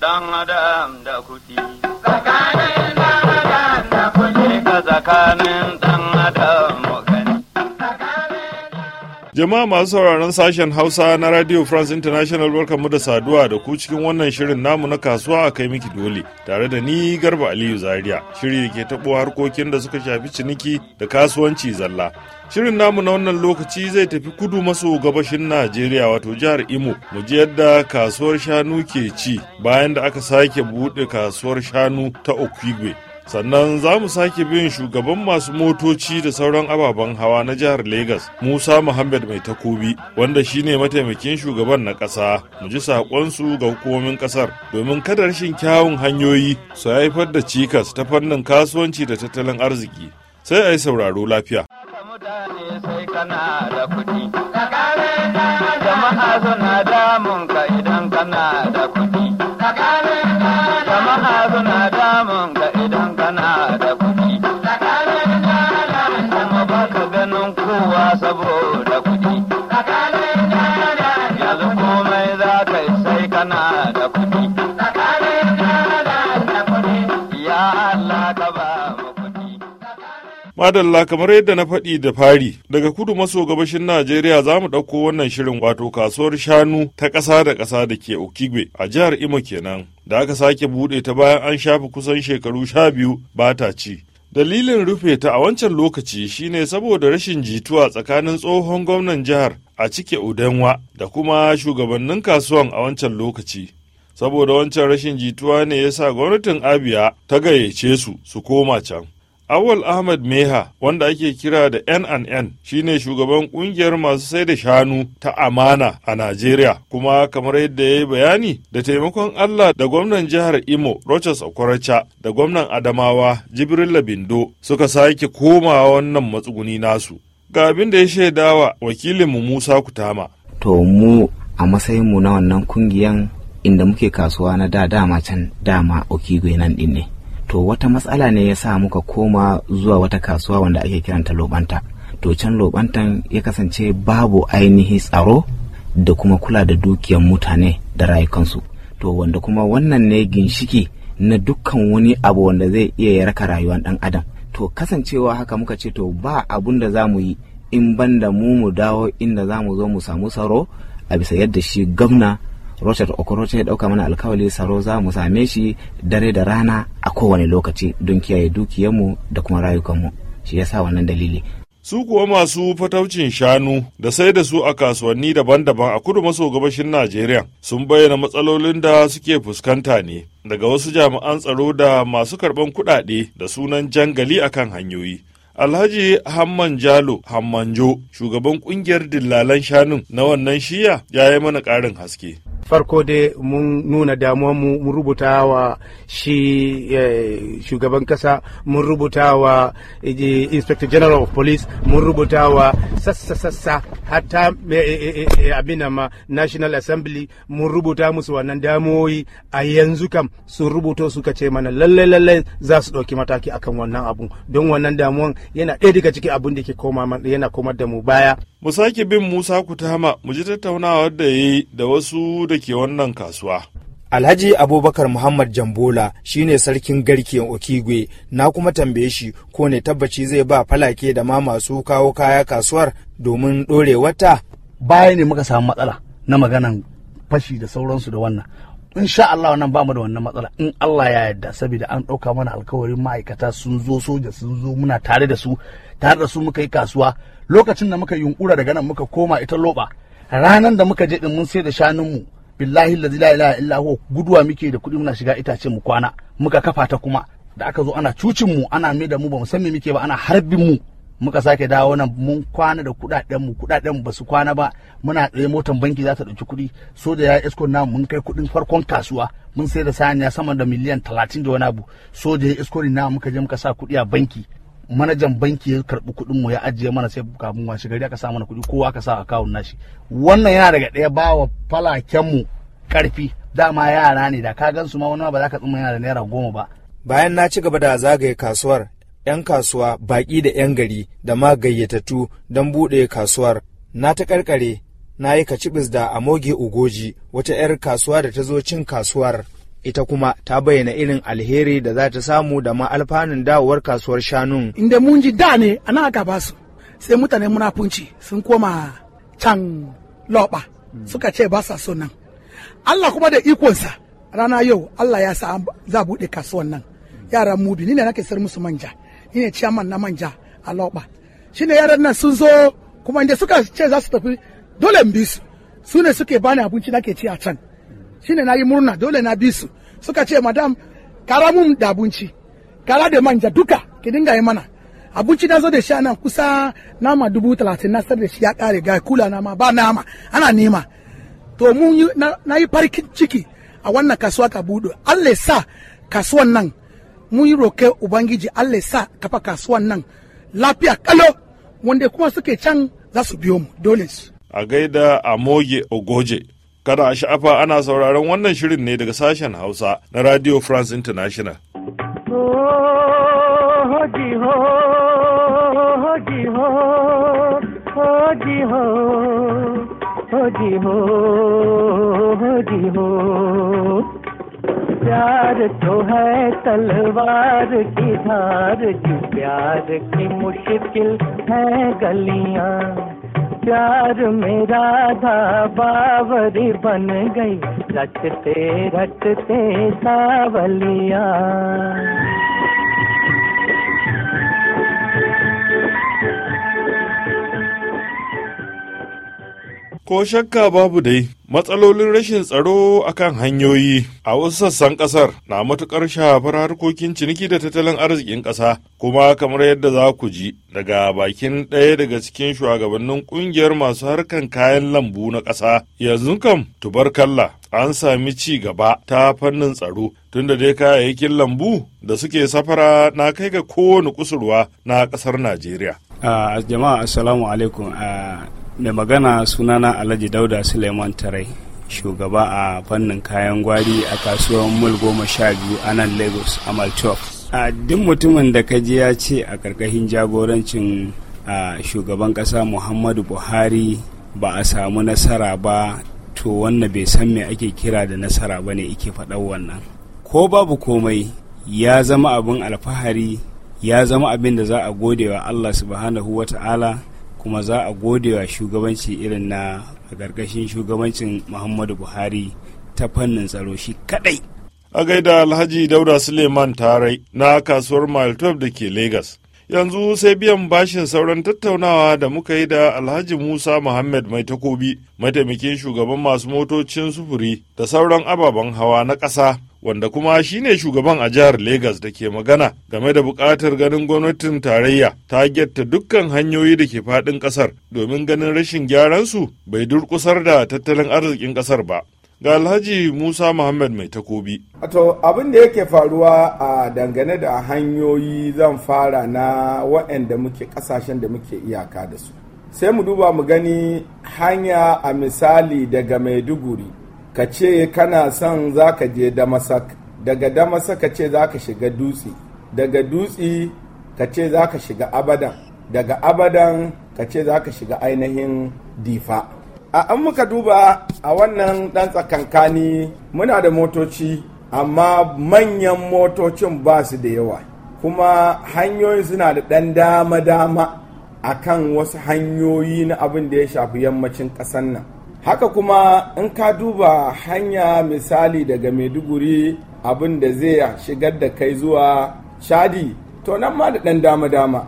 dan adam da kuɗi. Tsakanin dan adam da kuɗi. Ka tsakanin dan adam Jama'a masu sauraron sashen Hausa na Radio France International barkanmu da saduwa da ku cikin wannan shirin namu na kasuwa a kai miki dole tare da ni Garba Aliyu Zaria. Shiri da ke tabo harkokin da suka shafi ciniki da kasuwanci zalla. Shirin namu na wannan lokaci zai tafi kudu maso gabashin Najeriya wato jihar Imo mu ji yadda kasuwar shanu ke ci bayan da aka sake buɗe kasuwar shanu ta okwigwe sannan za mu sake bin shugaban masu motoci da sauran ababen hawa na jihar Legas Musa Muhammad Mai Takobi wanda shine mataimakin shugaban na ƙasa mu ji saƙonsu ga hukumomin ƙasar domin kada rashin kyawun hanyoyi su haifar da cikas ta fannin kasuwanci da tattalin arziki sai a yi sauraro lafiya. Jama'a suna damun ka idan kana Madalla kamar yadda na faɗi da fari daga kudu maso gabashin Najeriya za mu ɗauko wannan shirin wato kasuwar shanu ta ƙasa da ƙasa da ke Okigwe a jihar Imo kenan da aka sake buɗe ta bayan an shafi kusan shekaru sha biyu ba ta ci. Dalilin rufe ta a wancan lokaci shine saboda rashin jituwa tsakanin tsohon gwamnan jihar a cike udanwa da kuma shugabannin kasuwan a wancan lokaci. Saboda wancan rashin jituwa ne ya sa gwamnatin Abia ta gayyace su su koma can. Awal Ahmad Meha wanda ake kira da NNN shine shugaban kungiyar masu sai da shanu ta amana a Najeriya kuma kamar yadda ya yi bayani da taimakon Allah da gwamnan jihar Imo Rochas Okoracha da gwamnan Adamawa Jibril Labindo suka sake koma wannan matsuguni nasu. Ga abin da ya shaidawa wakilinmu Musa Kutama. To mu a matsayinmu na wannan kungiyan inda muke kasuwa na da dama can dama okigwe nan ɗin ne. to wata matsala ne ya sa muka koma zuwa wata kasuwa wanda ake kiranta lobanta to can lobantan ya kasance babu ainihi tsaro da kuma kula da dukiyan mutane da rayukansu to wanda kuma wannan ne ginshiki na dukkan wani abu wanda zai iya ya raka rayuwar dan adam to kasancewa haka muka ce to ba abun da za mu yi in banda mu mu dawo inda za mu zo mu samu tsaro a bisa yadda shi gwamna Rochard Okoroche ya ɗauka mana alkawali saro za mu same shi dare da rana a kowane lokaci don kiyaye dukiyarmu da kuma rayukanmu shi ya sa wannan dalili su kuwa masu fataucin shanu da sai da su a kasuwanni daban-daban a kudu maso gabashin najeriya sun bayyana matsalolin da suke fuskanta ne daga wasu jami'an tsaro da masu karɓar kuɗaɗe da sunan jangali akan hanyoyi Alhaji Hamman Jalo Hammanjo, shugaban kungiyar dillalan shanun na wannan shiya ya yi mana ƙarin haske. farko dai mun nuna damuwa mu mun rubuta wa shi eh, shugaban kasa mun rubuta wa eh, inspector general of police mun rubuta wa sassa-sassa hatta eh, abin ma national assembly mun rubuta musu wannan damuwoyi a yanzu kam sun rubuto suka ce mana lallai lallai za su ɗauki mataki akan wannan abun don wannan damuwan yana ɗaya daga cikin abun da ke koma yana komar da mu baya mu sake bin musa kutama mu ji tattaunawa da ya yi da wasu da ke wannan kasuwa Alhaji Abubakar Muhammad Jambola shine sarkin garkin Okigwe na kuma tambaye shi ko ne tabbaci zai ba falake da ma masu kawo kaya kasuwar domin wata. Baya ne muka samu matsala na maganan fashi da sauransu da wannan sha Allah wannan bamu da wannan matsala in Allah ya yarda saboda an ɗauka mana alkawarin ma'aikata sun zo soja sun zo muna tare da su tare da su muka yi kasuwa lokacin da muka yunkura daga nan muka koma ita loba ranan da muka je din mun sai da shanunmu billahi la ilaha illa huwa guduwa muke da kuɗi muna shiga itace mu kwana muka kafa ta kuma da aka zo ana cucin mu ana mai da mu ba mu san me muke ba ana harbin mu muka sake dawo nan mun kwana da kudaden mu kudaden mu basu kwana ba muna tsaye motan banki za ta dauki kuɗi so da ya esko na mun kai kuɗin farkon kasuwa mun sai da saniya sama da miliyan 30 da wani abu so da ya ni na muka je muka sa kuɗi a banki manajan banki ya karbi kudin mu ya ajiye mana sai kafin washe gari aka sa mana kudi kowa aka sa account nashi wannan yana daga daya bawa falaken mu karfi dama yara ne da ka gansu ma wani ma ba za ka tsumma yana da naira goma ba bayan na ci gaba da zagaye kasuwar 'yan kasuwa baƙi da 'yan gari da ma gayyatattu don buɗe kasuwar na ta ƙarƙare na yi kacibis da amoge ugoji wata 'yar kasuwa da ta zo cin kasuwar ita kuma ta bayyana irin alheri da za ta samu da ma alfanun dawowar kasuwar shanun inda mun ji da ne a nan aka basu sai mutane munafunci sun koma can loba hmm. suka ce ba sa so nan Allah kuma da ikonsa rana yau Allah ya sa za buɗe kasuwar nan hmm. yaran mubi ni ne nake sayar musu manja ne ciyaman na manja a loba shine yaran nan sun zo kuma inda suka ce za su tafi dole in bi su su ne suke bani abinci nake ci a can shine na yi murna dole na bi su suka ce madam kara da abinci kara da manja duka ki dinga yi mana abinci na zo da shi nan kusa nama dubu talatin na da shi ya kare ga kula nama ba nama ana nema to mun na yi farkin ciki a wannan kasuwa ka budo allah sa kasuwan nan mun yi roke ubangiji allah sa kafa kasuwan nan lafiya kalo wanda kuma suke can za su biyo mu dole su a gaida a moge ogoje kada a sha'afa ana sauraron wannan shirin ne daga sashen hausa na radio france international ho प्यार तो है तलवार की धार की प्यार की मुश्किल है गलियां प्यार मेरा था बावरी बन गई रटते रटते Savaliya Ko shakka babu dai matsalolin rashin tsaro akan hanyoyi a wasu sassan kasar na matukar shafar harkokin ciniki da tattalin arzikin kasa kuma kamar yadda za ku ji daga bakin ɗaya daga cikin shugabannin kungiyar masu harkar kayan lambu na kasa yanzu kam tubarkalla an sami ci gaba ta fannin tsaro tunda dai kayayyakin lambu da suke safara na kai ga kowane kusurwa na kasar najeriya ah, jama'a assalamu alaikum ah, da magana sunana alhaji dauda suleiman tarai shugaba a fannin kayan gwari a kasuwar mul goma sha biyu a nan lagos a maltop a duk mutumin da ka ji ya ce a karkashin jagorancin a shugaban kasa muhammadu buhari ba a samu nasara ba to wannan bai san me ake kira da nasara ba ne ike faɗan wannan ko babu komai ya zama abin alfahari ya zama abin da za a gode wa allah subhanahu wa ta'ala kuma za a gode wa shugabanci irin na a ƙarƙashin shugabancin muhammadu buhari ta fannin tsaro shi kaɗai. a gaida alhaji dauda suleiman tarai na kasuwar mile 12 da ke lagos yanzu sai biyan bashin sauran tattaunawa da muka yi da alhaji musa muhammad mai takobi mataimakin shugaban masu motocin sufuri da sauran ababen hawa na ƙasa wanda kuma shine shugaban a jihar Legas da ke magana game da buƙatar ganin gwamnatin tarayya ta getta dukkan hanyoyi da ke faɗin ƙasar domin ganin rashin gyaran su bai durƙusar da tattalin arzikin ƙasar ba. Ga Alhaji Musa Muhammad mai takobi. Wato abin da yake faruwa a dangane da hanyoyi zan fara na waɗanda muke ƙasashen da muke iyaka da su. Sai mu duba mu gani hanya a misali daga Maiduguri ka ce kana son za ka je damasak daga damasak ka ce za ka shiga dutse daga dutse ka ce za ka shiga abadan daga abadan ka ce za ka shiga ainihin difa a an muka duba a wannan dan tsakankani muna da motoci amma manyan motocin ba su da yawa kuma hanyoyin suna da ɗan dama-dama a kan wasu hanyoyi na abin da ya shafi yammacin ƙasar nan haka kuma in ka duba hanya misali daga maiduguri abin da zai shigar da kai zuwa shadi to nan ma da ɗan dama-dama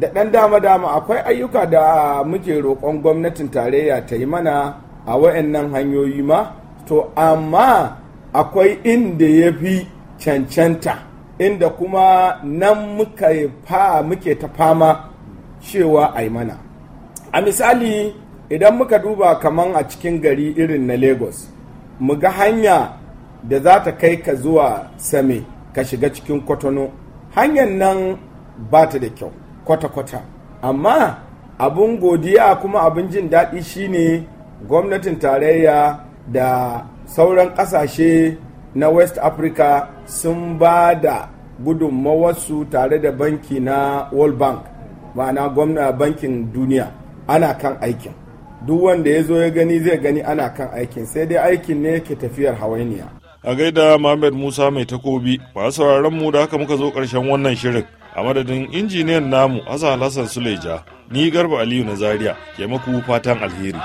da ɗan dama-dama akwai ayyuka da muke roƙon gwamnatin tarayya ta yi mana a wayannan hanyoyi ma to amma akwai inda ya fi cancanta inda kuma nan muka fa muke ta fama cewa a yi mana a misali idan muka duba kaman a cikin gari irin na lagos mu ga hanya da za ta kai ka zuwa same ka shiga cikin kwatano hanyar nan ba ta da kyau kwata-kwata amma abun godiya kuma abin jin daɗi shine gwamnatin tarayya da sauran ƙasashe na west africa sun ba da gudunmawarsu tare da banki na world bank ma'ana gwamna bankin duniya ana kan aikin duk wanda ya zo ya gani zai gani ana kan aikin sai dai aikin ne yake tafiyar hawainiya a gaida Muhammad Musa mai takobi ba sauraron mu da haka muka zo karshen wannan shirin a madadin injiniyan namu hasan Hassan Suleja ni Garba Aliyu na Zaria ke maku fatan alheri